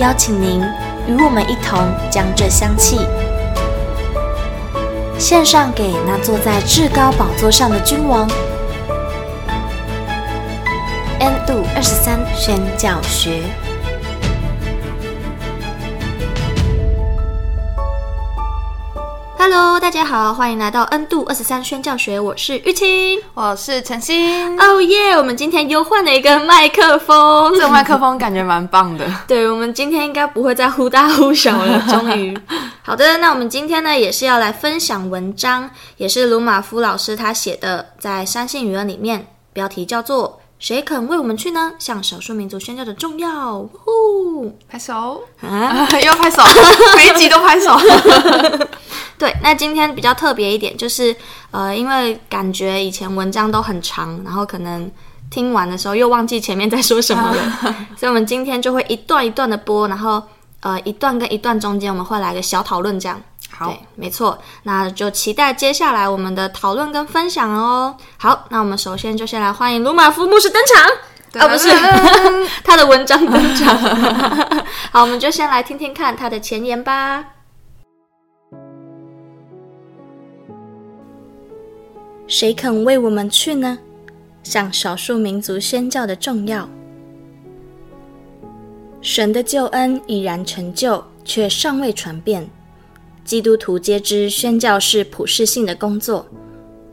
邀請您與我們一同將這香氣獻上給那坐在至高寶座上的君王。N 度二十三宣教學。Hello，大家好，歡迎來到 N 度二十三宣教學，我是玉清，我是晨星。Oh yeah，我們今天又換了一個麥克風，這個麥克風感覺蠻棒的。 對，我們今天應該不會再忽大忽小了， 終於。 好的，那我們今天呢，也是要來分享文章，也是魯馬夫老師他寫的，在三性語文裡面，標題叫做《誰肯為我們去呢？向少數民族宣教的重要》。呼，拍手啊，又要拍手，每一集都拍手。 對，那今天比較特別一點，就是呃，因為感覺以前文章都很長，然後可能聽完的時候又忘記前面在說什麼了。啊、所以我們今天就會一段一段的播，然後呃，一段跟一段中間我們會來個小討論，這樣。好對，沒錯，那就期待接下來我們的討論跟分享哦。好，那我們首先就先來歡迎魯馬夫牧師登場、嗯、啊，不是 他的文章登場。 好，我們就先來聽聽看他的前言吧。誰肯為我們去呢？向少數民族宣教的重要，神的救恩已然成就，卻尚未傳遍。基督徒皆知，宣教是普世性的工作。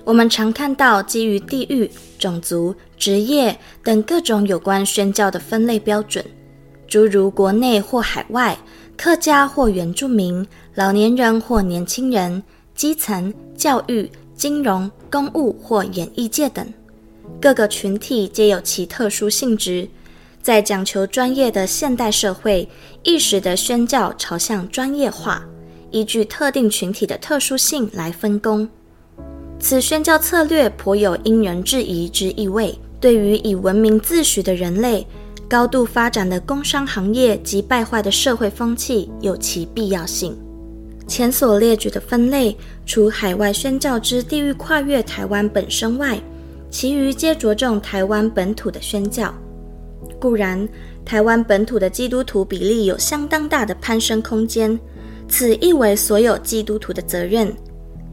我們常看到基於地域、種族、職業等各種有關宣教的分類標準，諸如國內或海外、客家或原住民、老年人或年輕人、基層、教育。金融、公務或演藝界等各個群體皆有其特殊性質，在講求專業的現代社會，意識的宣教朝向專業化，依據特定群體的特殊性來分工。此宣教策略頗有因人制宜之意味，對於以文明自詡的人類、高度發展的工商行業及敗壞的社會風氣有其必要性。前所列舉的分類，除海外宣教之地域跨越台灣本身外，其餘皆着重台灣本土的宣教。固然，台灣本土的基督徒比例有相當大的攀升空間，此亦為所有基督徒的責任。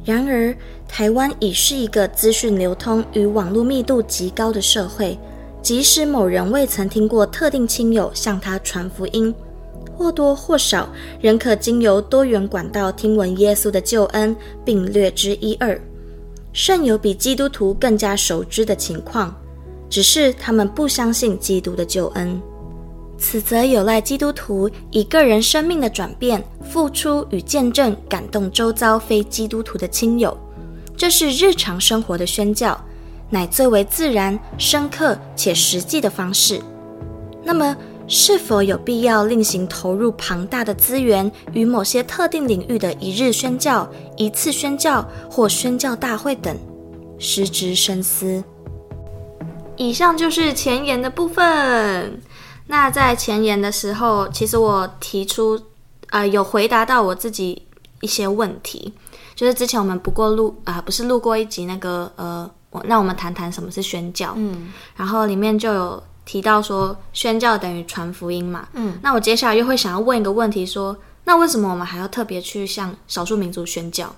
然而，台灣已是一個資訊流通與網絡密度極高的社會，即使某人未曾聽過特定親友向他傳福音。或多或少，人可經由多元管道聽聞耶穌的救恩，並略知一二。甚有比基督徒更加熟知的情況，只是他們不相信基督的救恩。此則有賴基督徒以個人生命的轉變、付出與見證，感動周遭非基督徒的親友。這是日常生活的宣教，乃最為自然、深刻且實際的方式。那麼，是否有必要另行投入龐大的資源，與某些特定領域的“一日宣教”、“一次宣教”或“宣教大會”等，實值深思。以上就是前言的部分。那在前言的時候，其實我提出，呃，有回答到我自己一些問題，就是之前我們不過錄啊、呃，不是錄過一集那個，呃，我那我們談談什麼是宣教，嗯，然後裡面就有。提到說宣教等於傳福音嘛，嗯，那我接下來又會想要問一個問題說，那為什麼我們還要特別去向少數民族宣教，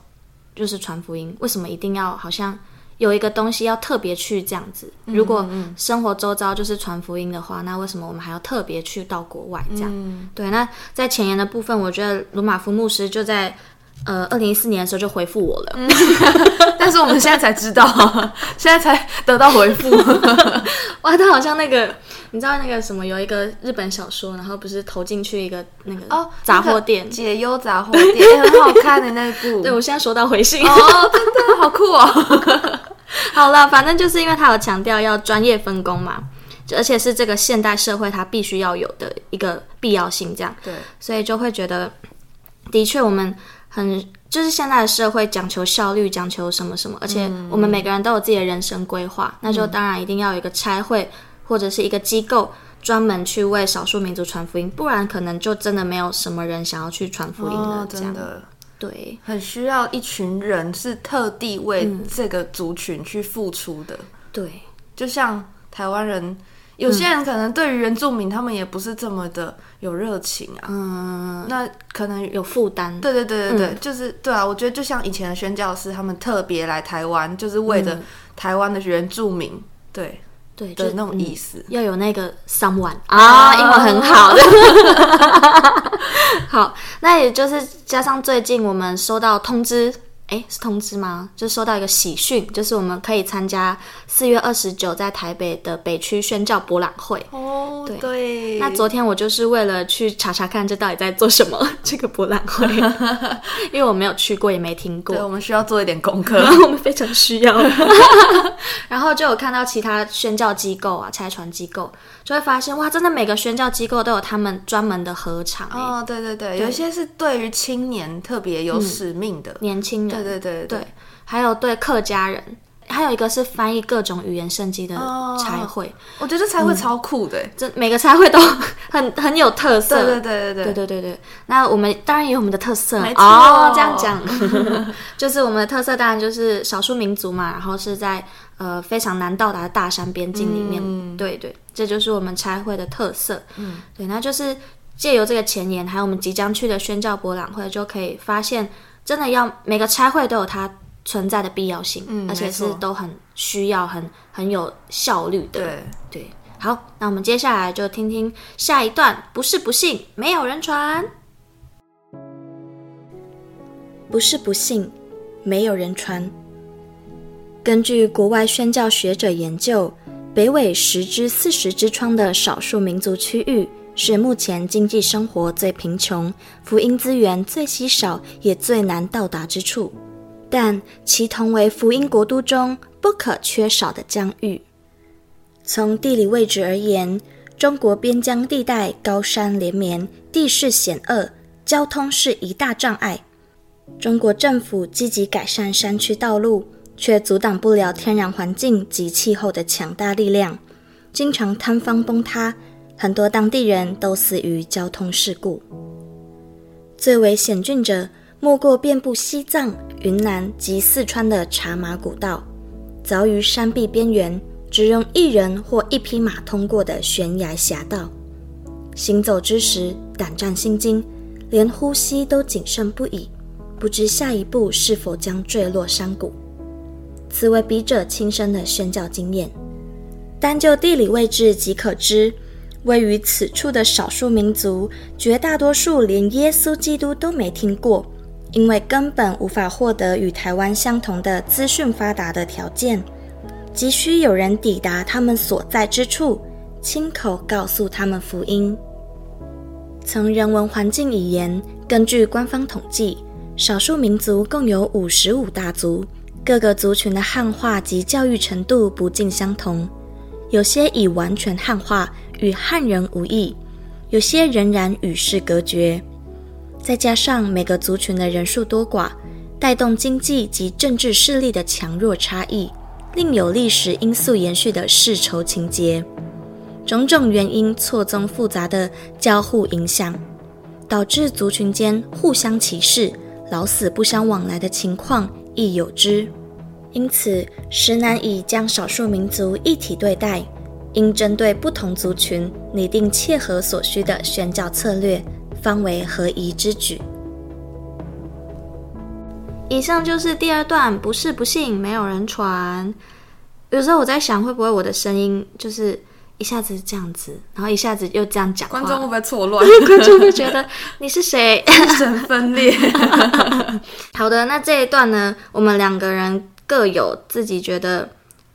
就是傳福音？為什麼一定要好像有一個東西要特別去這樣子？如果生活周遭就是傳福音的話，嗯嗯、那為什麼我們還要特別去到國外這樣？嗯、對，那在前言的部分，我覺得魯馬夫牧師就在。呃，二零一四年的時候就回復我了，嗯、 但是我們現在才知道、啊， 現在才得到回復。 哇，他好像那個，你知道那個什麼，有一個日本小說，然後不是投進去一個那個哦雜貨店、哦那個、解憂雜貨店對、欸、很好看的那部。對我現在收到回信哦，真的好酷哦。 好了，反正就是因為他有強調要專業分工嘛，而且是這個現代社會它必須要有的一個必要性，這樣對，所以就會覺得的確我們。很就是現在的社會講求效率，講求什麼什麼，而且我們每個人都有自己的人生規劃，嗯、那就當然一定要有一個差會，嗯、或者是一個機構專門去為少數民族傳福音，不然可能就真的沒有什麼人想要去傳福音了。這樣，哦、真的對，很需要一群人是特地為這個族群去付出的。嗯、對，就像台灣人。有些人可能對於原住民，他們也不是這麼的有熱情啊，嗯，那可能有，有負擔。對對對對對，嗯、就是對啊，我覺得就像以前的宣教師他們特別來台灣，就是為了台灣的原住民，對、嗯、對，對就是、就那種意思，要、嗯、有那個 someone 啊，英文、oh, uh. 很好的， 好，那也就是加上最近我們收到通知。哎，是通知嗎？就收到一個喜訊，就是我們可以參加四月二十九在台北的北區宣教博覽會。哦，oh, 對。對那昨天我就是為了去查查看這到底在做什麼這個博覽會， 因為我沒有去過，也沒聽過。對，我們需要做一點功課， 我們非常需要。 然後就有看到其他宣教機構啊、差傳機構，就會發現哇，真的每個宣教機構都有他們專門的禾場、欸。哦，oh, 對對對，對有一些是對於青年特別有使命的，嗯、年輕人。對對對對,對，還有對客家人，還有一個是翻譯各種語言聖經的差會，oh, 嗯、我覺得差會超酷的，這每個差會都很很有特色。對對對對對,對對對對，那我們當然也有我們的特色，哦錯，oh, 這樣講， 就是我們的特色當然就是少數民族嘛，然後是在呃非常難到達的大山邊境裡面，嗯、對對，這就是我們差會的特色。嗯，對，那就是借由這個前言，還有我們即將去的宣教博覽會，就可以發現。真的要每個差會都有它存在的必要性，嗯、而且是都很需要、沒錯很很有效率的。對，對，好，那我們接下來就聽聽下一段。不是不信，沒有人傳。不是不信，沒有人傳。根據國外宣教學者研究，北緯十至四十之窗的少數民族區域。是目前經濟生活最貧窮、福音資源最稀少、也最難到達之處，但其同為福音國度中，不可缺少的疆域。從地理位置而言，中國邊疆地帶高山連綿，地勢險惡，交通是一大障礙。中國政府積極改善山區道路，卻阻擋不了天然環境及氣候的強大力量，經常坍方崩塌。很多當地人都死於交通事故。最為險峻者，莫過遍布西藏、雲南及四川的茶馬古道，鑿於山壁邊緣，只容一人或一匹馬通過的懸崖峽道。行走之時，膽戰心驚，連呼吸都謹慎不已，不知下一步是否將墜落山谷。此為筆者親身的宣教經驗。單就地理位置即可知。位於此處的少數民族，絕大多數連耶穌基督都沒聽過，因為根本無法獲得與台灣相同的資訊發達的條件，急需有人抵達他們所在之處，親口告訴他們福音。從人文環境而言，根據官方統計，少數民族共有五十五大族，各個族群的漢化及教育程度不盡相同，有些已完全漢化。與漢人無異，有些仍然與世隔絕。再加上每個族群的人數多寡，帶動經濟及政治勢力的強弱差異，另有歷史因素延續的世仇情結，種種原因錯綜複雜的交互影響，導致族群間互相歧視、老死不相往來的情況亦有之。因此，實難以將少數民族一體對待。應針對不同族群擬定切合所需的宣教策略，方為合宜之舉。以上就是第二段，不是不信，沒有人傳。有時候我在想，會不會我的聲音就是一下子這樣子，然後一下子又這樣講，觀眾會不會錯亂？ 觀眾會覺得你是誰？ 精神分裂。 好的，那這一段呢，我們兩個人各有自己覺得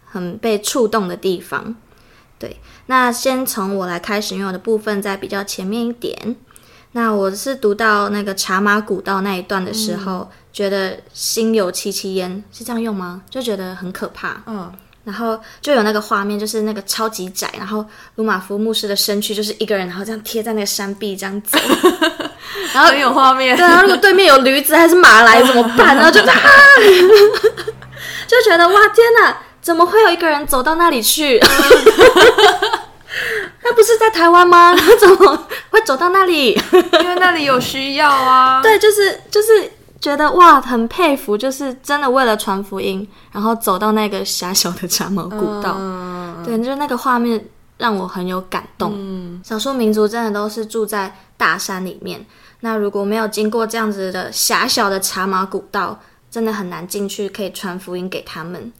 很被觸動的地方。對，那先從我來開始我的部分，在比較前面一點。那我是讀到那個茶馬古道那一段的時候，嗯、覺得心有戚戚焉，是這樣用嗎？就覺得很可怕。嗯。然後就有那個畫面，就是那個超級窄，然後魯馬夫牧師的身軀就是一個人，然後這樣貼在那個山壁這樣子。 然後很有畫面。對啊，如果對面有驢子還是馬來怎麼辦呢、啊？就怕、是啊。 就覺得哇，天吶！怎麼會有一個人走到那裡去？ 那不是在台灣嗎？他 怎麼會走到那裡？ 因為那裡有需要啊。對，就是就是覺得哇，很佩服，就是真的為了傳福音，然後走到那個狹小的茶馬古道。嗯、對，就那個畫面讓我很有感動。嗯、少數民族真的都是住在大山裡面，那如果沒有經過這樣子的狹小的茶馬古道，真的很難進去，可以傳福音給他們。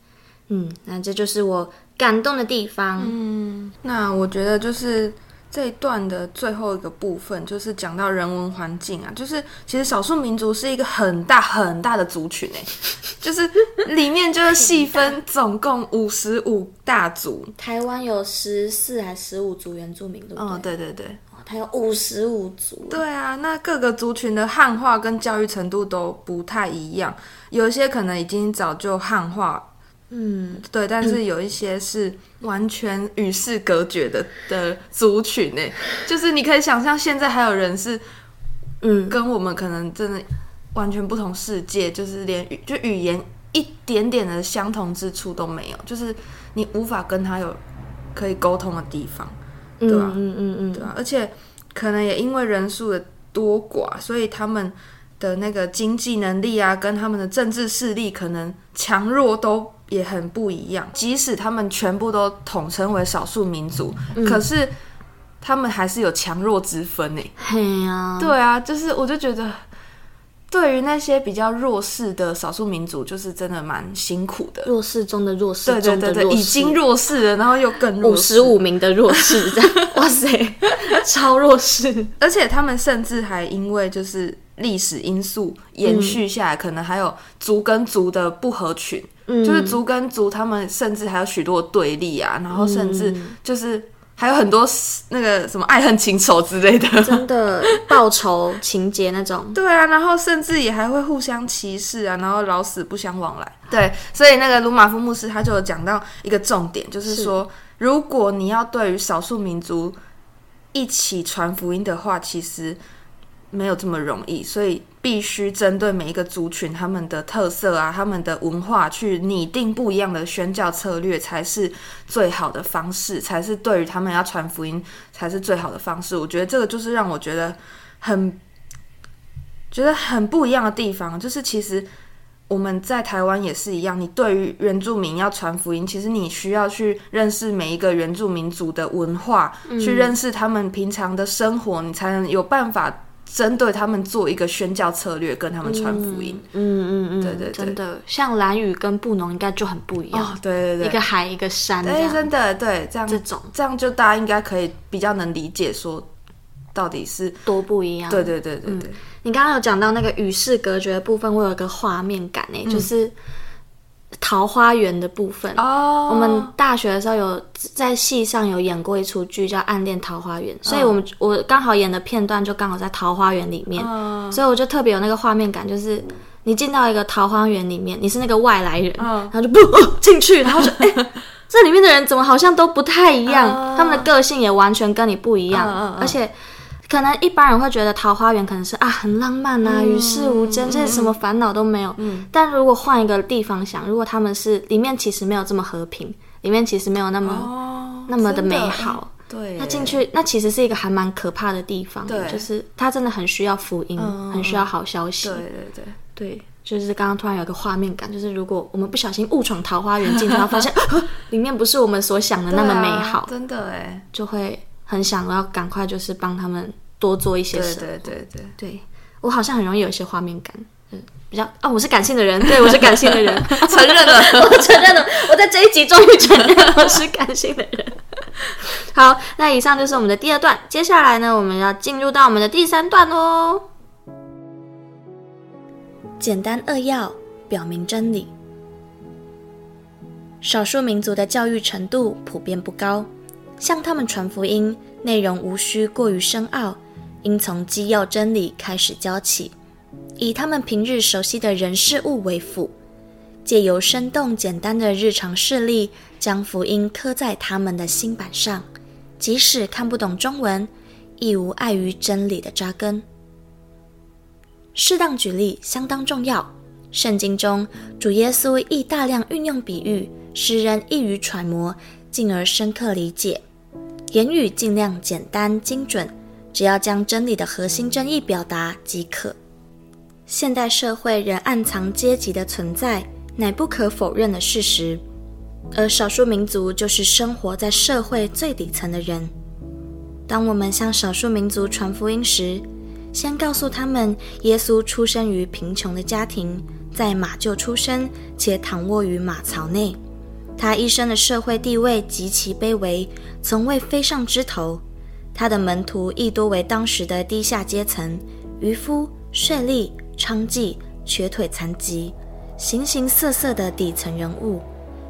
嗯，那這就是我感動的地方。嗯，那我覺得就是這一段的最後一個部分，就是講到人文環境啊，就是其實少數民族是一個很大很大的族群呢、欸，就是裡面就是細分總共五十五大族。 台灣有十四還十五族原住民，對不對？哦，對對對，哦，它有五十五族。對啊，那各個族群的漢化跟教育程度都不太一樣，有一些可能已經早就漢化。嗯，對，但是有一些是完全與世隔絕的、嗯、的族群呢。就是你可以想象，現在還有人是，嗯，跟我們可能真的完全不同世界，嗯、就是連語就語言一點點的相同之處都沒有，就是你無法跟他有可以溝通的地方，對吧、啊嗯？嗯嗯嗯，對吧、啊？而且可能也因為人數的多寡，所以他們的那個經濟能力啊，跟他們的政治勢力可能強弱都。也很不一樣，即使他們全部都統稱為少數民族，嗯、可是他們還是有強弱之分呢。嘿啊，對啊，就是我就覺得，對於那些比較弱勢的少數民族，就是真的蠻辛苦的。弱勢中的弱勢，對，對對對，已經弱勢了，然後又更弱。五十五名的弱勢， 哇塞，超弱勢。而且他們甚至還因為就是歷史因素延續下來，嗯、可能還有族跟族的不合群。嗯、就是族跟族，他們甚至還有許多對立啊，然後甚至就是還有很多那個什麼愛恨情仇之類的、嗯，真的報仇 情節那種。對啊，然後甚至也還會互相歧視啊，然後老死不相往來。好對，所以那個魯瑪夫牧師他就有講到一個重點，是就是說，如果你要對於少數民族一起傳福音的話，其實沒有這麼容易，所以。必須針對每一個族群，他們的特色啊，他們的文化去擬定不一樣的宣教策略，才是最好的方式，才是對於他們要傳福音才是最好的方式。我覺得這個就是讓我覺得很覺得很不一樣的地方，就是其實我們在台灣也是一樣，你對於原住民要傳福音，其實你需要去認識每一個原住民族的文化，嗯、去認識他們平常的生活，你才能有辦法。針對他們做一個宣教策略，跟他們傳福音。嗯嗯嗯，嗯嗯嗯對對對，像蘭嶼跟布農應該就很不一樣。哦、對對對，一個海一個山對。對真的對這樣這種，這樣就大家應該可以比較能理解說到底是多不一樣。對對對對對、嗯，你剛剛有講到那個與世隔絕的部分，我有一個畫面感呢，嗯、就是。桃花源的部分，oh. 我們大學的時候有在戲上有演過一出劇叫《暗戀桃花源》，所以我們、oh. 我剛好演的片段就剛好在桃花源裡面，oh. 所以我就特別有那個畫面感，就是你進到一個桃花源裡面，你是那個外來人，oh. 然後就不進去，然後就，哎、 欸，這裡面的人怎麼好像都不太一樣？Oh. 他們的個性也完全跟你不一樣，oh. 而且。”可能一般人會覺得桃花源可能是啊很浪漫吶，與世無爭，這是什麼煩惱都沒有。但如果換一個地方想，如果他們是裡面其實沒有這麼和平，裡面其實沒有那麼那麼的美好，對，那進去那其實是一個還蠻可怕的地方，就是他真的很需要福音，很需要好消息。對對對對，就是剛剛突然有一個畫面感，就是如果我們不小心誤闖桃花源進去，然後發現裡面不是我們所想的那麼美好，真的哎，就會很想要趕快就是幫他們。多做一些事，對對對對，對，我好像很容易有一些畫面感，嗯，比較啊、哦，我是感性的人，對，我是感性的人， 承認了， 我承認了，我在這一集終於承認了我是感性的人。好，那以上就是我們的第二段，接下來呢，我們要進入到我們的第三段嘍、哦。簡單扼要，表明真理。少數民族的教育程度普遍不高，向他們傳福音，內容無需過於深奧。應從基要真理開始教起，以他們平日熟悉的人事物為輔，借由生動簡單的日常事例，將福音刻在他們的心版上。即使看不懂中文，亦無礙於真理的扎根。適當舉例相當重要。聖經中，主耶穌亦大量運用比喻，使人易於揣摩，進而深刻理解。言語盡量簡單精準。只要將真理的核心真意表達即可。現代社會仍暗藏階級的存在，乃不可否認的事實。而少數民族就是生活在社會最底層的人。當我們向少數民族傳福音時，先告訴他們：耶穌出生於貧窮的家庭，在馬廄出生，且躺臥於馬槽內。他一生的社會地位極其卑微，從未飛上枝頭。他的門徒亦多為當時的低下階層，漁夫、稅吏、娼妓、瘸腿、殘疾，形形色色的底層人物，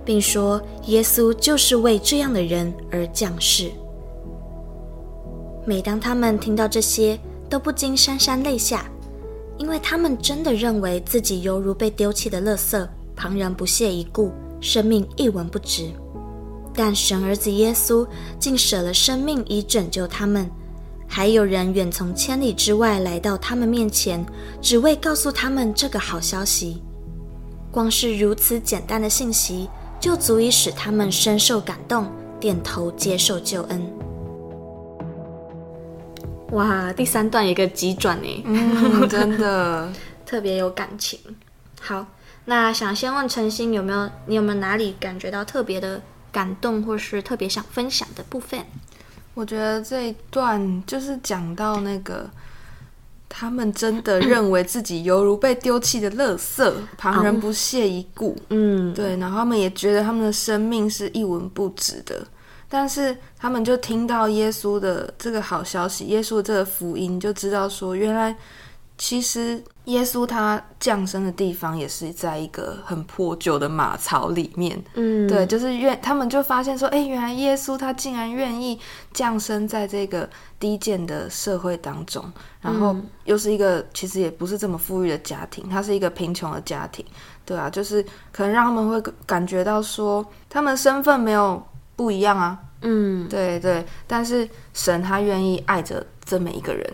並說耶穌就是為這樣的人而降世。每當他們聽到這些，都不禁潸潸淚下，因為他們真的認為自己猶如被丟棄的垃圾，旁人不屑一顧，生命一文不值。但神兒子耶穌竟捨了生命以拯救他們，還有人遠從千里之外來到他們面前，只為告訴他們這個好消息。光是如此簡單的信息，就足以使他們深受感動，點頭接受救恩。哇，第三段一個急轉呢、嗯，真的 特別有感情。好，那想先問晨心有沒有，你有沒有哪裡感覺到特別的？感動或是特別想分享的部分，我覺得這一段就是講到那個，他們真的認為自己猶如被丟棄的垃圾， 旁人不屑一顧。嗯，對，然後他們也覺得他們的生命是一文不值的，但是他們就聽到耶穌的這個好消息，耶穌的這個福音，就知道說原來，其實耶穌他降生的地方也是在一個很破舊的馬槽裡面，嗯，對，就是願他們就發現說，哎，原來耶穌他竟然願意降生在這個低賤的社會當中，然後又是一個其實也不是這麼富裕的家庭，他是一個貧窮的家庭，對啊，就是可能讓他們會感覺到說，他們身份沒有不一樣啊，嗯，對對，但是神他願意愛着這麼一個人。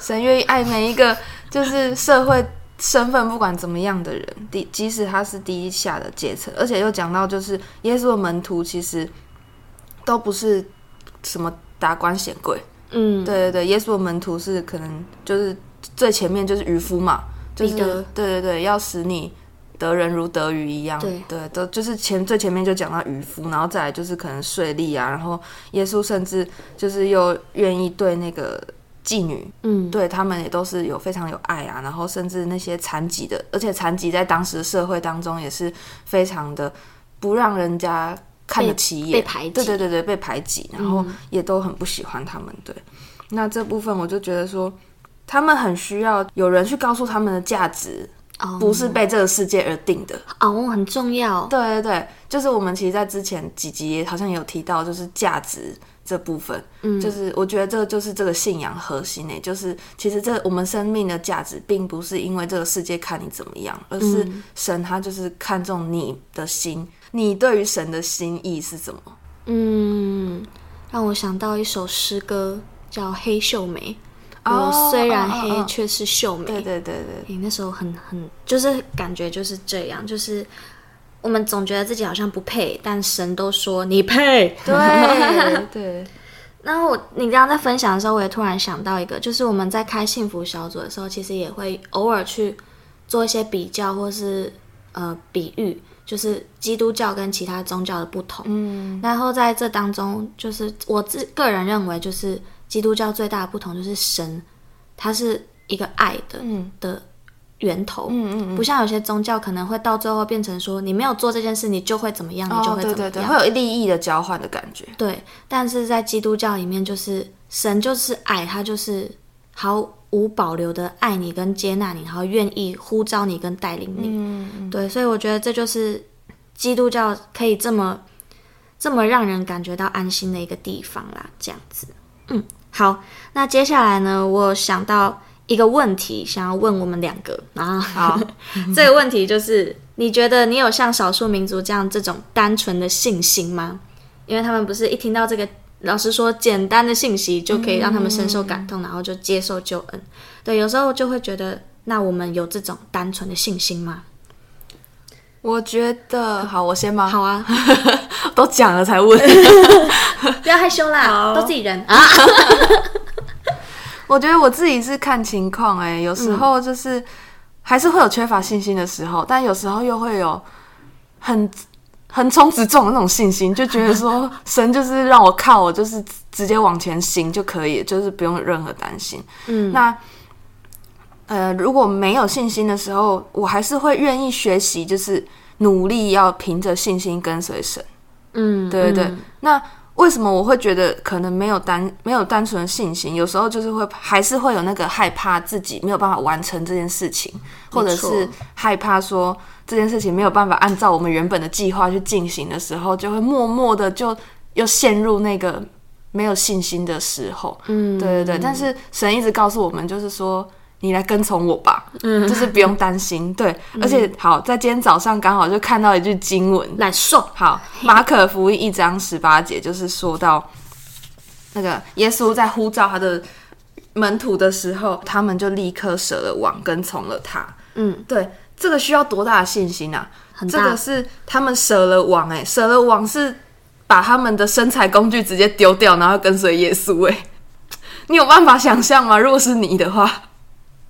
神願意愛每一個，就是社會身份不管怎麼樣的人，第即使他是第一下的階層，而且又講到就是耶穌的門徒其實都不是什麼達官顯貴。嗯，對對對，耶穌的門徒是可能就是最前面就是漁夫嘛，就是對對對，要使你得人如得魚一樣。對對，都就是前最前面就講到漁夫，然後再來就是可能稅吏啊，然後耶穌甚至就是又願意對那個。妓女，嗯，對他們也都是有非常有愛啊，然後甚至那些殘疾的，而且殘疾在當時社會當中也是非常的不讓人家看得起，也被，被排擠，對對對對，被排擠，然後也都很不喜歡他們，對。嗯，那這部分我就覺得說，他們很需要有人去告訴他們的價值，哦，不是被這個世界而定的哦。Oh, 很重要。對對對，就是我們其實，在之前幾集好像也有提到，就是價值。這部分，嗯，就是我覺得這個就是這個信仰核心誒、欸，就是其實這我們生命的價值，並不是因為這個世界看你怎麼樣，而是神他就是看重你的心，嗯、你對於神的心意是什麼？嗯，讓我想到一首詩歌，叫《黑秀美》，我如、哦、雖然黑，哦、卻是秀美。對對對對，你、欸、那時候很很，就是感覺就是這樣，就是。我們總覺得自己好像不配，但神都說你配。對對。對 然後我你剛剛在分享的時候，我也突然想到一個，就是我們在開幸福小組的時候，其實也會偶爾去做一些比較，或是呃比喻，就是基督教跟其他宗教的不同。嗯。然後在這當中，就是我自個人認為，就是基督教最大的不同就是神，它是一個愛的的。嗯源頭，嗯嗯嗯，不像有些宗教可能會到最後變成說，你沒有做這件事你就會怎麼樣，哦，你就會怎麼樣。對對對，會有利益的交換的感覺。對，但是在基督教裡面，就是神就是愛，他就是毫無保留的愛你跟接納你，然後願意呼召你跟帶領你。嗯嗯嗯。對，所以我覺得這就是基督教可以這麼這麼讓人感覺到安心的一個地方啦。這樣子，嗯，好，那接下來呢，我想到。嗯一個問題想要問我們兩個啊，好， 這個問題就是你覺得你有像少數民族這樣這種單純的信心嗎？因為他們不是一聽到這個老師說簡單的信息就可以讓他們深受感動，嗯、然後就接受救恩。對，有時候就會覺得，那我們有這種單純的信心嗎？我覺得好，我先忙好啊， 都講了才問， 不要害羞啦，好都自己人啊。 我覺得我自己是看情況哎、欸，有時候就是還是會有缺乏信心的時候，嗯、但有時候又會有很橫衝直撞的那種信心，就覺得說神就是讓我靠，我就是直接往前行就可以，就是不用任何擔心。嗯，那呃，如果沒有信心的時候，我還是會願意學習，就是努力要憑着信心跟隨神。嗯，對對對，嗯、那。為什麼我會覺得可能沒有單沒有單純的信心？有時候就是會還是會有那個害怕自己沒有辦法完成這件事情，沒錯。或者是害怕說這件事情沒有辦法按照我們原本的計劃去進行的時候，就會默默的就又陷入那個沒有信心的時候。嗯，對對對。但是神一直告訴我們，就是說。你來跟從我吧，嗯，就是不用擔心。嗯、對，而且好在今天早上剛好就看到一句經文，來說說好馬可福音一,一章十八節，就是說到那個耶穌在呼召他的門徒的時候，他們就立刻舍了網跟從了他。嗯，對，這個需要多大的信心啊？很大這個是他們舍了網、欸，哎，舍了網是把他們的生財工具直接丟掉，然後跟隨耶穌。哎，你有辦法想象嗎？如果是你的話。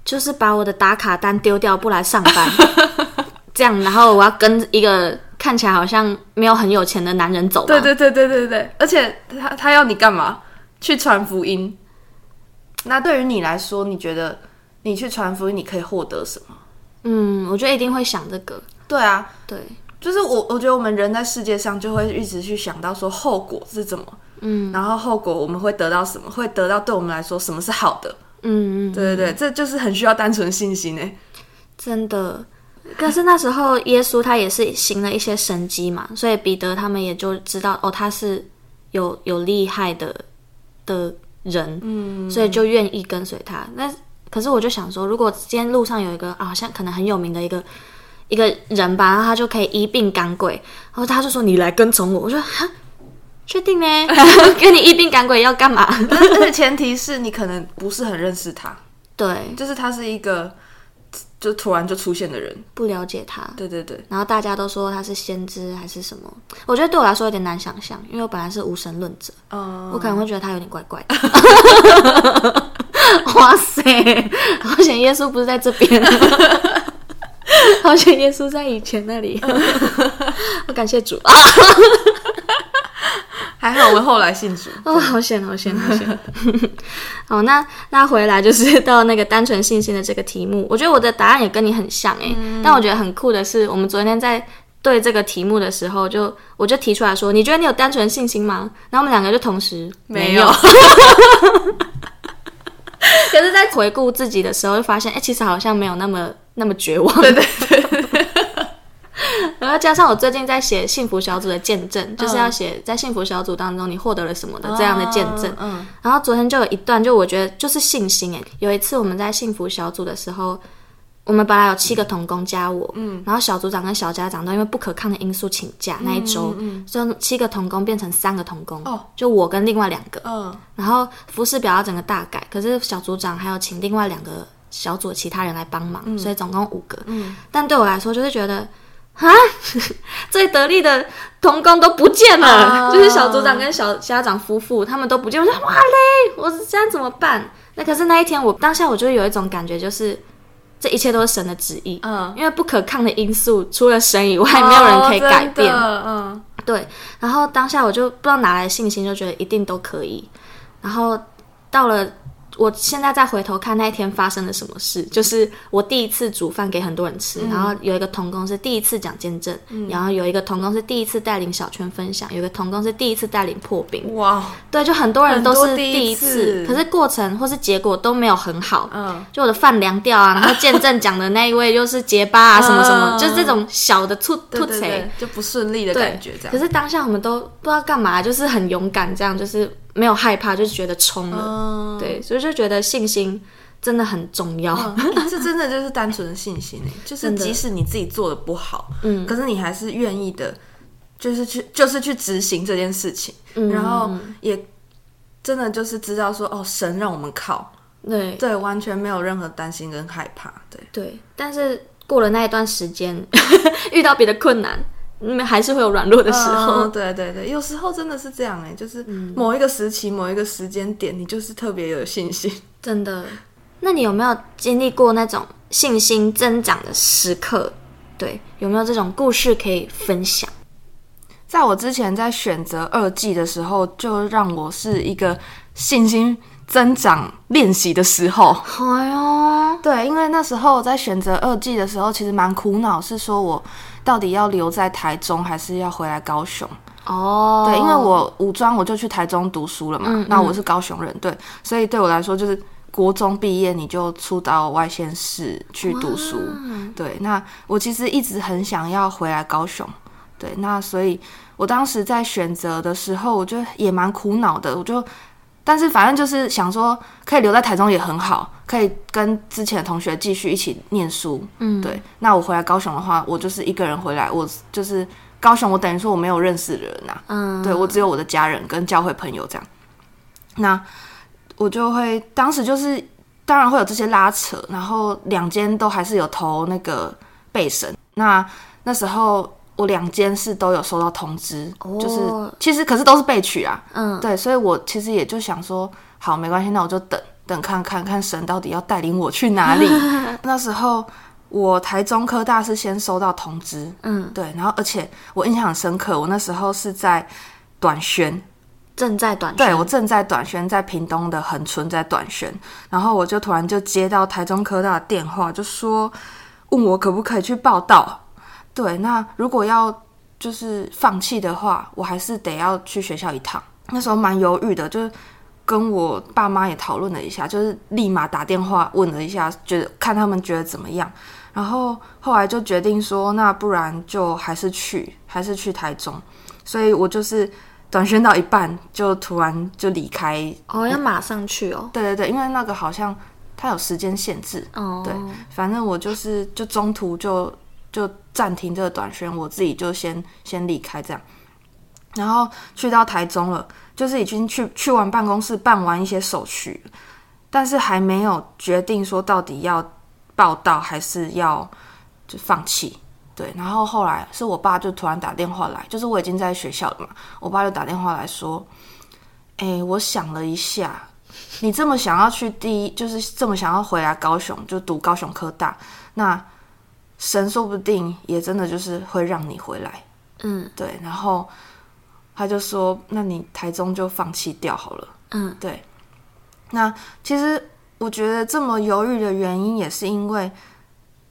就是把我的打卡單丟掉，不來上班， 這樣，然後我要跟一個看起來好像沒有很有錢的男人走。對對對對對對，而且他他要你幹嘛？去傳福音。那對於你來說，你覺得你去傳福音，你可以獲得什麼？嗯，我覺得一定會想這個。對啊，對，就是我，我覺得我們人在世界上就會一直去想到說後果是怎麼，嗯，然後後果我們會得到什麼？會得到對我們來說什麼是好的？嗯嗯，對對對，這就是很需要單純信心呢？真的。可是那時候耶穌他也是行了一些神蹟嘛， 所以彼得他們也就知道哦，他是有有厲害的的人，嗯，所以就願意跟隨他。那可是我就想說，如果今天路上有一個啊，像可能很有名的一個一個人吧，然後他就可以醫病趕鬼，然後他就說，你來跟從我，我說確定呢？ 跟你一併趕鬼要幹嘛？ 但是前提是你可能不是很認識他。對，就是他是一個，就突然就出現的人，不了解他。對對對。然後大家都說他是先知還是什麼？我覺得對我來說有點難想象，因為我本來是無神論者，uh、我可能會覺得他有點怪怪的。 哇塞！好險耶穌不是在這邊， 好險耶穌在以前那裡。 我感謝主啊！ 還好，我後來信主。哦，好險，好險，好險！ 好，那那回來就是到那個單純信心的這個題目，我覺得我的答案也跟你很像哎、欸，嗯、但我覺得很酷的是，我們昨天在對這個題目的時候就，就我就提出來說，你覺得你有單純信心嗎？然後我們兩個就同時沒有， 可是，在回顧自己的時候，就發現哎、欸，其實好像沒有那麼那麼絕望，對，對對。 然後加上我最近在寫幸福小組的見證，uh, 就是要寫在幸福小組當中你獲得了什麼的這樣的見證。嗯，uh, uh, uh, uh, 然後昨天就有一段，就我覺得就是信心哎。有一次我們在幸福小組的時候，我們本來有七個同工加我，嗯，然後小組長跟小家長都因為不可抗的因素請假、嗯、那一周，嗯嗯、所以七個同工變成三個同工哦，oh, 就我跟另外兩個，嗯，uh, 然後服侍表要整個大改，可是小組長還要請另外兩個小組其他人來幫忙，嗯、所以總共五個，嗯，但對我來說就是覺得。啊！哈 最得力的童工都不見了，uh, 就是小組長跟小家長夫婦他們都不見。我說哇嘞，我這樣怎麼辦？那可是那一天我，我當下我就有一種感覺，就是這一切都是神的旨意。嗯，uh, 因為不可抗的因素，除了神以外，uh, 還沒有人可以改變。嗯、uh, uh, 對。然後當下我就不知道哪來的信心，就覺得一定都可以。然後到了。我現在再回頭看那一天發生了什麼事，就是我第一次煮飯給很多人吃，嗯、然後有一個同工是第一次講見證，嗯、然後有一個同工是第一次帶領小圈分享，有一個同工是第一次帶領破冰。哇！對，就很多人都是第一次，一次可是過程或是結果都沒有很好。嗯，就我的飯涼掉啊，然後見證講的那一位又是結巴啊，嗯、什麼什麼，就是這種小的突突槌就不順利的感覺這樣。樣可是當下我們都不知道幹嘛，就是很勇敢這樣，就是。沒有害怕，就是覺得衝了，哦、對，所以就覺得信心真的很重要。但是、嗯、真的就是單純的信心，就是即使你自己做的不好，嗯，可是你還是願意的，就是去就是去執行這件事情，嗯、然後也真的就是知道說，哦，神讓我們靠，對對，完全沒有任何擔心跟害怕，對對。但是過了那一段時間， 遇到別的困難。你們還是會有軟弱的時候。哦，對對對，有時候真的是這樣哎、欸，就是某一個時期、嗯、某一個時間點，你就是特別有信心。真的？那你有沒有經歷過那種信心增長的時刻？對，有沒有這種故事可以分享？在我之前在選擇二技的時候，就讓我是一個信心，增長練習的時候，喲對，因為那時候我在選擇二技的時候，其實蠻苦惱，是說我到底要留在台中，還是要回來高雄？哦，對，因為我五專，我就去台中讀書了嘛。嗯嗯、那我是高雄人，對，所以對我來說就是國中畢業你就出到外縣市去讀書。哇對，那我其實一直很想要回來高雄。對，那所以我當時在選擇的時候，我就也蠻苦惱的，我就。但是反正就是想說，可以留在台中也很好，可以跟之前的同學繼續一起念書。嗯，對。那我回來高雄的話，我就是一個人回來，我就是高雄，我等於說我沒有認識的人啊。嗯，對，我只有我的家人跟教會朋友這樣。那我就會當時就是，當然會有這些拉扯，然後兩間都還是有投那個備審。那那時候。我兩件事都有收到通知，oh. 就是其實可是都是備取啊，嗯，對，所以我其實也就想說，好，沒關係，那我就等等看，看，看看神到底要帶領我去哪裡。 那時候我台中科大是先收到通知，嗯，對，然後而且我印象很深刻，我那時候是在短宣，正在短，對我正在短宣，在屏東的恆春在短宣，然後我就突然就接到台中科大的電話，就說問我可不可以去報到。對，那如果要就是放棄的話，我還是得要去學校一趟。那時候蠻猶豫的，就跟我爸媽也討論了一下，就是立馬打電話問了一下，覺得看他們覺得怎麼樣。然後後來就決定說，那不然就還是去，還是去台中。所以我就是短宣到一半，就突然就離開。哦，要馬上去哦。嗯，對對對，因為那個好像它有時間限制。哦。對，反正我就是就中途就。就暫停這個短宣，我自己就先先離開這樣，然後去到台中了，就是已經去去完辦公室辦完一些手續，但是還沒有決定說到底要報到還是要就放棄，對。然後後來是我爸就突然打電話來，就是我已經在學校了嘛，我爸就打電話來說，哎、欸，我想了一下，你這麼想要去第一，就是這麼想要回來高雄就讀高雄科大，那。神說不定也真的就是會讓你回來，嗯，對。然後他就說：“那你台中就放棄掉好了。”嗯，對。那其實我覺得這麼猶豫的原因，也是因為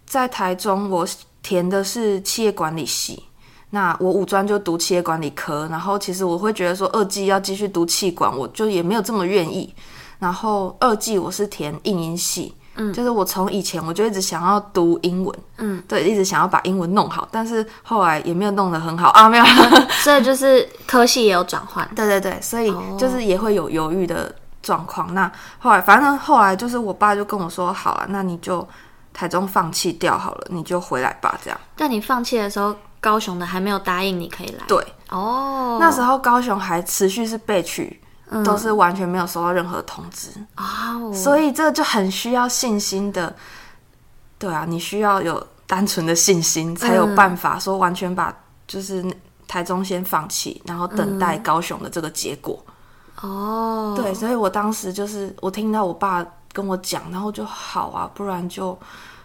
在台中我填的是企業管理系，那我五專就讀企業管理科。然後其實我會覺得說二技要繼續讀企管，我就也沒有這麼願意。然後二技我是填應英系。嗯，就是我從以前我就一直想要讀英文，嗯，對，一直想要把英文弄好，但是後來也沒有弄得很好啊，沒有， 所以就是科系也有轉換，對對對，所以就是也會有猶豫的狀況。哦、那後來，反正後來就是我爸就跟我說，好啊，那你就台中放棄掉好了，你就回來吧，這樣。但你放棄的時候，高雄的還沒有答應你可以來，對，哦，那時候高雄還持續是被取。嗯、都是完全沒有收到任何的通知，哦，所以這就很需要信心的。對啊，你需要有單純的信心，才有辦法說完全把、嗯、就是台中先放棄，然後等待高雄的這個結果。哦，對，所以我當時就是我聽到我爸跟我講，然後就好啊，不然就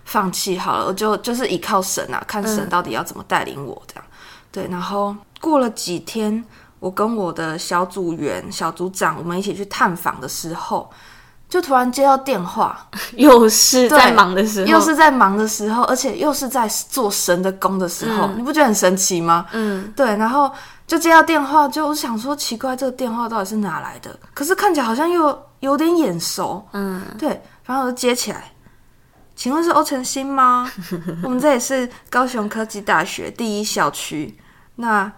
放棄好了，我就就是依靠神啊，看神到底要怎麼帶領我這樣。嗯、對，然後過了幾天。我跟我的小組員、小組長，我們一起去探訪的時候，就突然接到電話，又是在忙的時候，又是在忙的時候，而且又是在做神的工的時候，嗯、你不覺得很神奇嗎？嗯，對，然後就接到電話，就我想說奇怪，這個電話到底是哪來的？可是看起來好像又有點眼熟。嗯，對，然後我就接起來，請問是歐晨星嗎？ 我們這裡是高雄科技大學第一校區，那。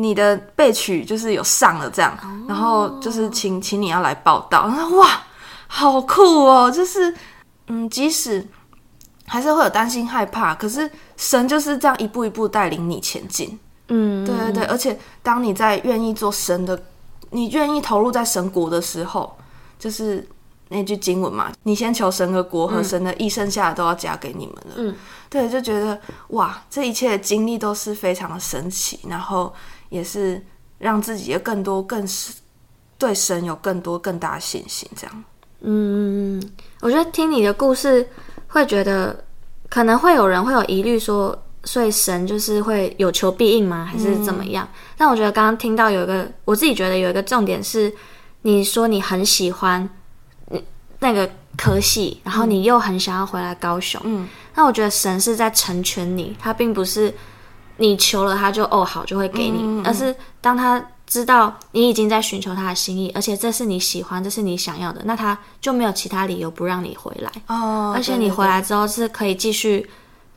你的備取就是有上了這樣，oh. 然後就是請請你要來報到。然後哇，好酷哦！就是嗯，即使還是會有擔心害怕，可是神就是這樣一步一步帶領你前進。嗯，mm. 對對對，而且當你在願意做神的，你願意投入在神國的時候，就是那句經文嘛，你先求神的國和神的義，剩下的都要加給你們了。嗯，mm. 對，就覺得哇，這一切的經歷都是非常的神奇，然後。也是讓自己的更多，更是對神有更多、更大的信心。這樣，嗯嗯嗯，我覺得聽你的故事，會覺得可能會有人會有疑慮，說，所以神就是會有求必應嗎？還是怎麼樣？嗯、但我覺得剛剛聽到有一個，我自己覺得有一個重點是，你說你很喜歡那個科系，然後你又很想要回來高雄，嗯，那我覺得神是在成全你，他並不是。你求了他就，就哦好，就會給你。嗯、而是當他知道你已經在尋求他的心意，嗯、而且這是你喜歡，這是你想要的，那他就沒有其他理由不讓你回來。哦，而且你回來之後是可以繼續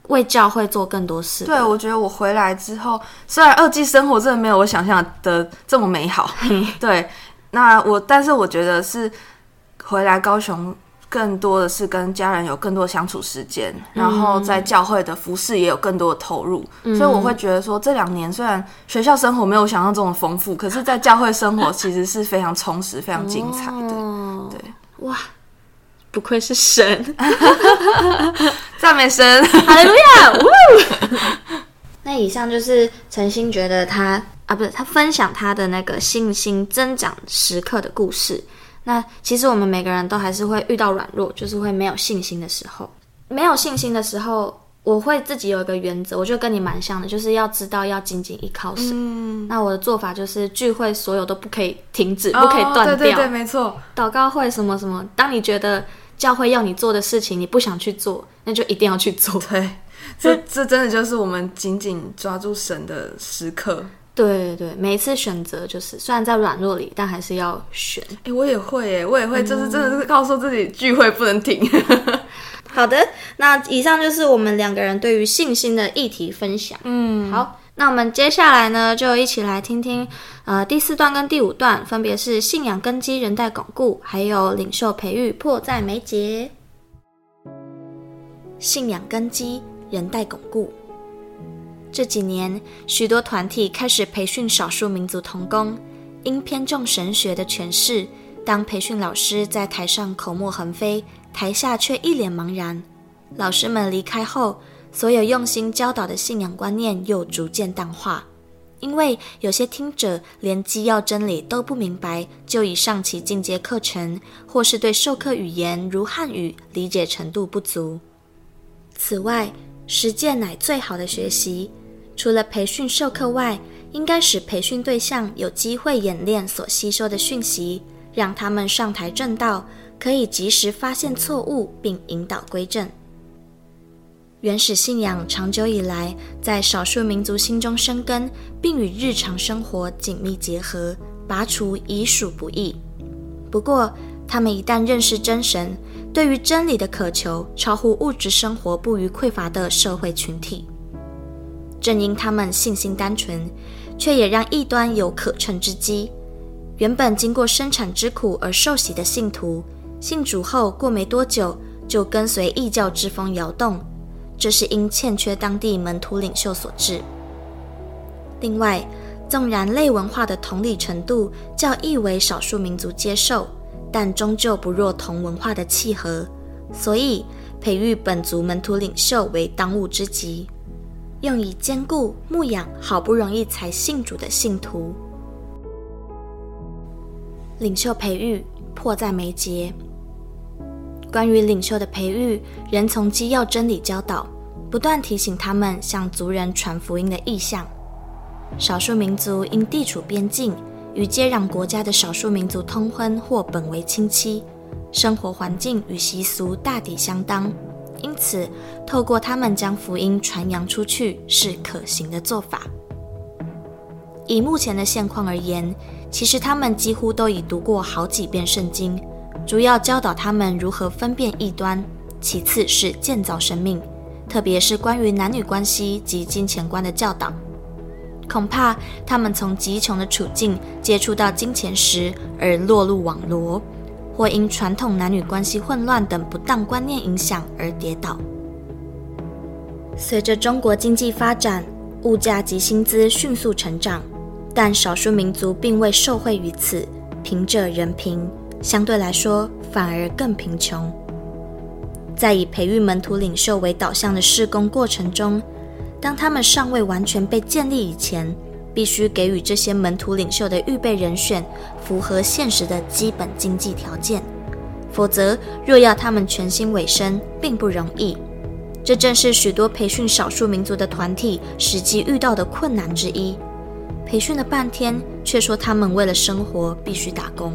為教會做更多事，對對對。對，我覺得我回來之後，雖然二季生活真的沒有我想象的這麼美好，嗯、對，那我但是我覺得是回來高雄。更多的是跟家人有更多的相處時間，嗯、然後在教會的服侍也有更多的投入，嗯、所以我會覺得說，這兩年雖然學校生活沒有想象中的豐富，嗯、可是，在教會生活其實是非常充實， 非常精彩的。哦、對哇，不愧是神，讚 美神，哈利路亞！那以上就是陳心覺得他啊，不是他分享他的那個信心增長時刻的故事。那其實我們每個人都還是會遇到軟弱，就是會沒有信心的時候。沒有信心的時候，我會自己有一個原則，我覺得跟你蠻像的，就是要知道要緊緊依靠神。嗯、那我的做法就是聚會所有都不可以停止，哦、不可以斷掉。對對對，沒錯。禱告會什麼什麼，當你覺得教會要你做的事情，你不想去做，那就一定要去做。對，這 這真的就是我們緊緊抓住神的時刻。對，對對，每一次選擇就是，雖然在軟弱裡，但還是要選。哎、欸欸，我也會，哎、嗯，我也會，就是真的是告訴自己聚會不能停。 好的，那以上就是我們兩個人對於信心的議題分享。嗯，好，那我們接下來呢，就一起來聽聽，呃，第四段跟第五段分別是信仰根基，仍待鞏固，還有領袖培育，迫在眉睫。嗯、信仰根基，仍待鞏固。這幾年，許多團體開始培訓少數民族同工。因偏重神學的詮釋，當培訓老師在台上口沫橫飛，台下卻一臉茫然。老師們離開後，所有用心教導的信仰觀念又逐漸淡化，因為有些聽者連基要真理都不明白，就已上起進階課程，或是對授課語言如漢語理解程度不足。此外，實踐乃最好的學習。除了培訓授課外，應該使培訓對象有機會演練所吸收的訊息，讓他們上台證道，可以及時發現錯誤並引導歸正。原始信仰長久以來在少數民族心中生根，並與日常生活緊密結合，拔除已屬不易。不過，他們一旦認識真神，對於真理的渴求超乎物質生活不虞匱乏的社會群體。正因他們信心單純，卻也讓異端有可乘之機。原本經過生產之苦而受洗的信徒，信主後過沒多久就跟隨異教之風搖動，這是因欠缺當地門徒領袖所致。另外，縱然類文化的同理程度較易為少數民族接受，但終究不若同文化的契合，所以培育本族門徒領袖為當務之急。用以兼顧牧養好不容易才信主的信徒，領袖培育迫在眉睫。關於領袖的培育，仍從基要真理教導，不斷提醒他們向族人傳福音的意向。少數民族因地處邊境，與接壤國家的少數民族通婚或本為親戚，生活環境與習俗大抵相當。因此，透過他們將福音傳揚出去是可行的做法。以目前的現況而言，其實他們幾乎都已讀過好幾遍聖經，主要教導他們如何分辨異端，其次是建造生命，特別是關於男女關係及金錢觀的教導。恐怕他們從極窮的處境接觸到金錢時，而落入網羅。或因傳統男女關係混亂等不當觀念影響而跌倒。隨着中國經濟發展，物價及薪資迅速成長，但少數民族並未受惠於此，貧者仍貧，相對來說反而更貧窮。在以培育門徒領袖為導向的事工過程中，當他們尚未完全被建立以前。必須給予這些門徒領袖的預備人選符合現實的基本經濟條件，否則若要他們全心委身，並不容易。這正是許多培訓少數民族的團體實際遇到的困難之一。培訓了半天，卻說他們為了生活必須打工。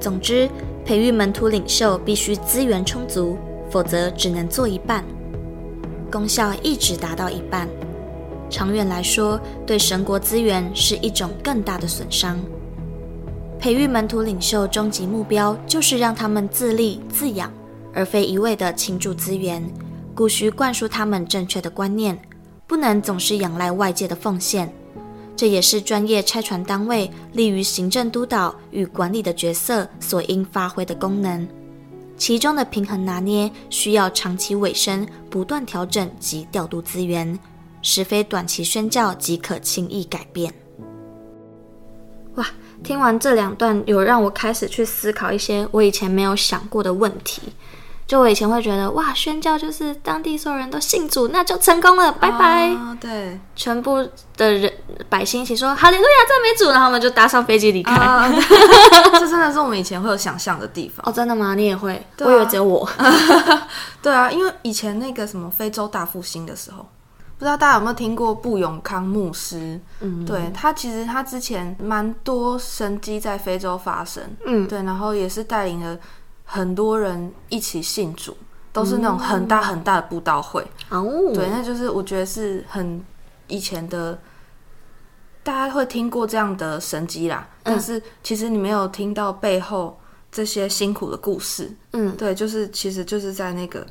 總之，培育門徒領袖必須資源充足，否則只能做一半，功效一直達到一半。長遠來說，對神國資源是一種更大的損傷。培育門徒領袖終極目標，就是讓他們自立自養，而非一味的傾注資源。故需灌輸他們正確的觀念，不能總是仰賴外界的奉獻。這也是專業差傳單位利於行政督導與管理的角色所應發揮的功能。其中的平衡拿捏，需要長期委身不斷調整及調度資源。實非短期宣教即可輕易改變。哇，聽完這兩段，有讓我開始去思考一些我以前沒有想過的問題。就我以前會覺得，哇，宣教就是當地所有人都信主，那就成功了，拜拜。啊、對，全部的人百姓一起說哈利路亞，讚美主，然後我們就搭上飛機離開、啊。這真的是我們以前會有想象的地方。 哦，真的嗎？你也會？啊、我以為只有我。 對啊，因為以前那個什麼非洲大復興的時候。不知道大家有沒有聽過布永康牧師？嗯，對，他其實他之前蠻多神蹟在非洲發生，嗯，對，然後也是帶領了很多人一起信主，都是那種很大很大的佈道會。哦、嗯，對，那就是我覺得是很以前的，大家會聽過這樣的神蹟啦，嗯、但是其實你沒有聽到背後這些辛苦的故事。嗯，對，就是其實就是在那個。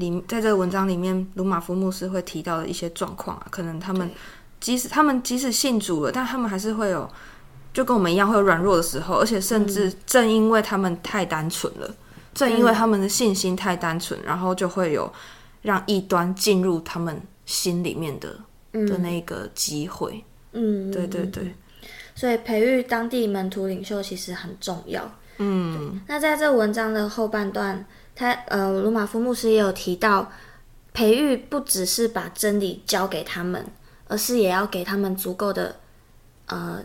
裡，在這個文章裡面，魯馬夫牧師會提到的一些狀況啊，可能他們即使對他們即使信主了，但他們還是會有，就跟我們一樣會有軟弱的時候，而且甚至正因為他們太單純了，嗯、正因為他們的信心太單純，嗯、然後就會有讓異端進入他們心裡面的、嗯、的那個機會。嗯，對對對，所以培育當地門徒領袖其實很重要。嗯，那在這文章的後半段。他呃，魯瑪夫牧師也有提到，培育不只是把真理交給他們，而是也要給他們足夠的呃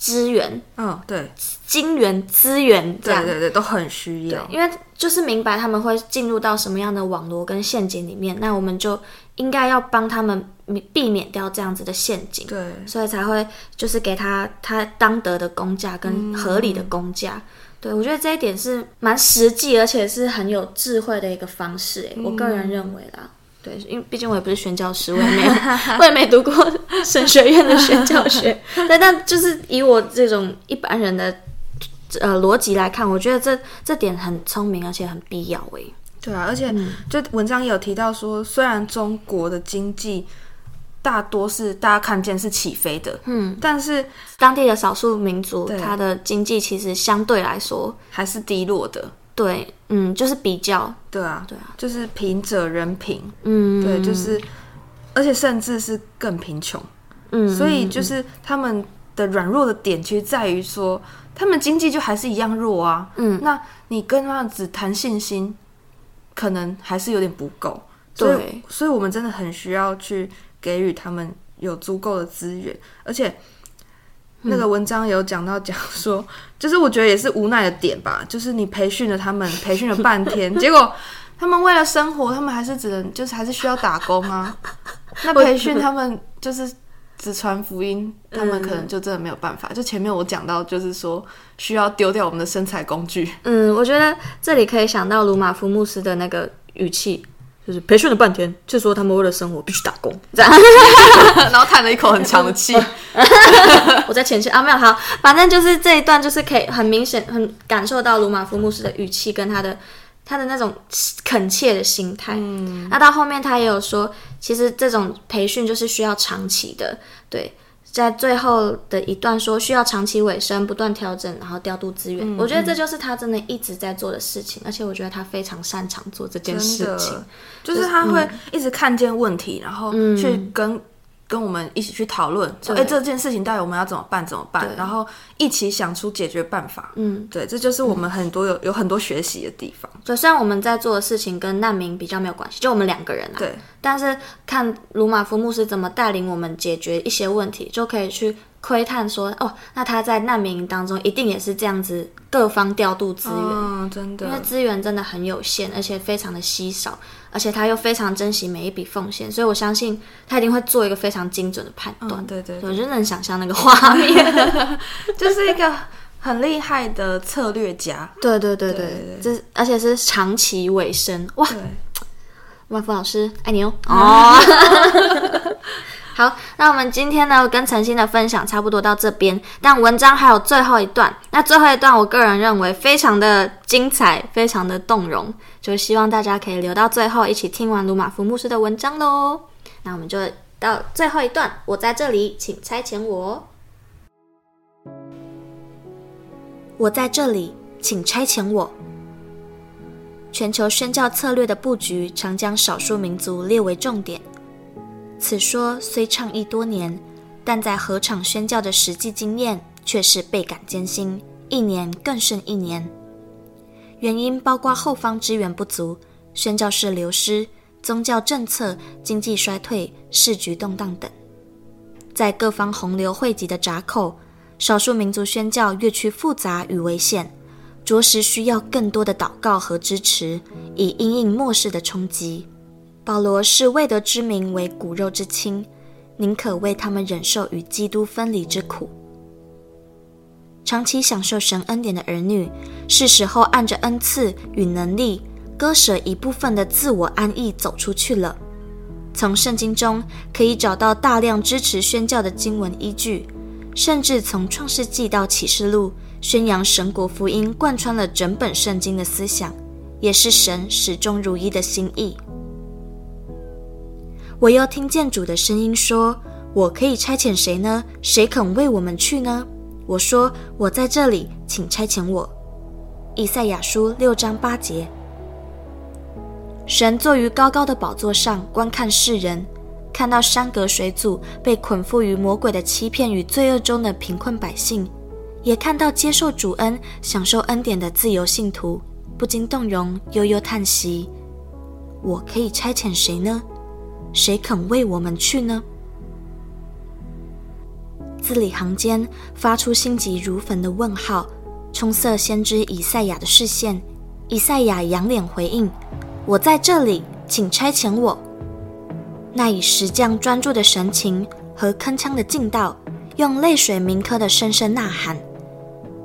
資源。嗯、哦，對，金元資源、資源，對對對，都很需要。因為就是明白他們會進入到什麼樣的網羅跟陷阱裡面，那我們就應該要幫他們避免掉這樣子的陷阱。對，所以才會就是給他他當得的工價跟合理的工價。嗯嗯對，我覺得這一點是蠻實際，而且是很有智慧的一個方式。嗯、我個人認為啦，對，因為畢竟我也不是宣教師，我也沒， 我也沒讀過神學院的宣教學。但 但就是以我這種一般人的呃邏輯來看，我覺得這這點很聰明，而且很必要。哎，對啊，而且就文章有提到說，雖然中國的經濟。大多是大家看見是起飛的，嗯，但是當地的少數民族，他的經濟其實相對來說還是低落的，對，嗯，就是比較，對啊，對啊，就是貧者人貧，嗯，對，就是，而且甚至是更貧窮，嗯，所以就是他們的軟弱的點，其實在於說他們經濟就還是一樣弱啊，嗯，那你跟他只談信心，可能還是有點不夠，對，所以，所以我們真的很需要去。給予他們有足夠的資源，而且那個文章有講到講說，嗯、就是我覺得也是無奈的點吧，就是你培訓了他們，培訓了半天， 結果他們為了生活，他們還是只能就是還是需要打工啊。那培訓他們就是只傳福音，我 他們可能就真的沒有辦法。嗯、就前面我講到，就是說需要丟掉我們的生產工具。嗯，我覺得這裡可以想到魯馬福牧師的那個語氣。就是培訓了半天，就說，他們為了生活必須打工，這樣，然後嘆了一口很長的氣。 我在前線啊，沒有好，反正就是這一段，就是可以很明顯很感受到魯馬夫牧師的語氣跟他的他的那種懇切的心態。嗯，那到後面他也有說，其實這種培訓就是需要長期的，對。在最後的一段說，需要長期尾聲，不斷調整，然後調度資源。嗯、我覺得這就是他真的一直在做的事情，嗯、而且我覺得他非常擅長做這件事情，就是他會一直看見問題，嗯、然後去跟。跟我們一起去討論，哎、對、欸，這件事情到底我們要怎麼辦？怎麼辦？對然後一起想出解決辦法。嗯，對，這就是我們很多有、嗯、有很多學習的地方。就雖然我們在做的事情跟難民比較沒有關係，就我們兩個人啊。對，但是看魯瑪夫牧師怎麼帶領我們解決一些問題，就可以去。窺探說：“哦，那他在難民營當中一定也是這樣子，各方調度資源，哦、真的，因為資源真的很有限，而且非常的稀少，而且他又非常珍惜每一筆奉獻，所以我相信他一定會做一個非常精準的判斷。哦、對、對對，我真能想象那個畫面， 就是一個很厲害的策略家。對對對對對，這而且是長期尾聲，哇！對萬福老師，愛你哦。”哦。好，那我們今天呢，跟陳星的分享差不多到這邊，但文章還有最後一段。那最後一段，我個人認為非常的精彩，非常的動容，就希望大家可以留到最後一起聽完魯瑪夫牧師的文章嘍。那我們就到最後一段，我在這裡請差遣我，我在這裡請差遣我。全球宣教策略的布局常將少數民族列為重點。此說雖倡議多年，但在禾場宣教的實際經驗卻是倍感艱辛，一年更勝一年。原因包括後方資源不足、宣教士流失、宗教政策、經濟衰退、世局動盪等。在各方洪流匯集的閘口，少數民族宣教越趨複雜與危險，着實需要更多的禱告和支持，以因應末世的衝擊。保羅視未得之民為骨肉之親，寧可為他們忍受與基督分離之苦。長期享受神恩典的兒女，是時候按着恩賜與能力，割捨一部分的自我安逸，走出去了。從聖經中可以找到大量支持宣教的經文依據，甚至從創世記到啟示錄，宣揚神國福音貫穿了整本聖經的思想，也是神始終如一的心意。我又聽見主的聲音說：“我可以差遣誰呢？誰肯為我們去呢？”我說：“我在這裡，請差遣我。”以賽亞書六章八節。神坐於高高的寶座上，觀看世人，看到山隔水阻、被捆縛於魔鬼的欺騙與罪惡中的貧困百姓，也看到接受主恩、享受恩典的自由信徒，不禁動容，悠悠嘆息：“我可以差遣誰呢？”誰肯為我們去呢？字裡行間發出心急如焚的問號。充塞先知以賽亞的視線，以賽亞仰臉回應：“我在這裡，請差遣我。”那以石匠專注的神情和鏗鏘的勁道，用淚水銘刻的聲聲吶喊。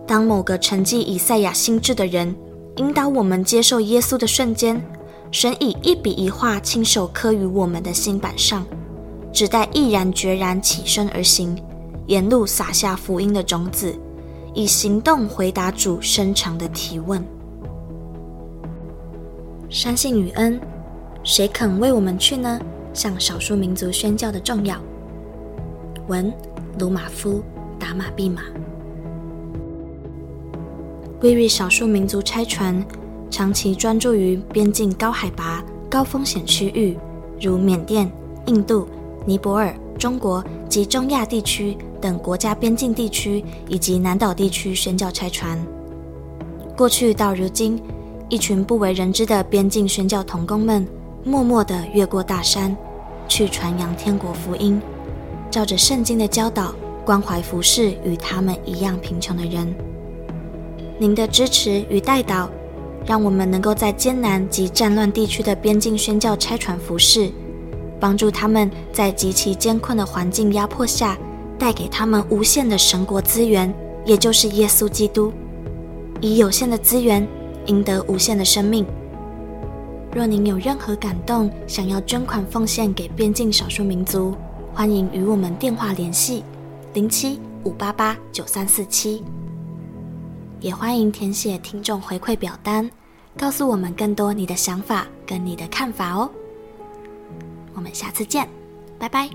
當某個沉寂以賽亞心智的人，引導我們接受耶穌的瞬間。神以一筆一畫親手刻於我們的心板上，只待毅然決然起身而行，沿路撒下福音的種子，以行動回答主深長的提問。山信宇恩，誰肯為我們去呢？向少數民族宣教的重要。文盧馬夫達馬畢馬，為少數民族差傳。長期專注於邊境高海拔、高風險區域，如緬甸、印度、尼泊爾、中國及中亞地區等國家邊境地區以及南島地區宣教差傳。過去到如今，一群不為人知的邊境宣教同工們，默默地越過大山，去傳揚天國福音，照着聖經的教導，關懷服侍與他們一樣貧窮的人。您的支持與代禱，讓我們能夠在艱難及戰亂地區的邊境宣教差傳服侍，幫助他們在極其艱困的環境壓迫下，帶給他們無限的神國資源，也就是耶穌基督，以有限的資源贏得無限的生命。若您有任何感動，想要捐款奉獻給邊境少數民族，歡迎與我們電話聯繫：零七五八八九三四七。也歡迎填寫聽眾回饋表單，告訴我們更多你的想法跟你的看法哦。我們下次見，拜拜。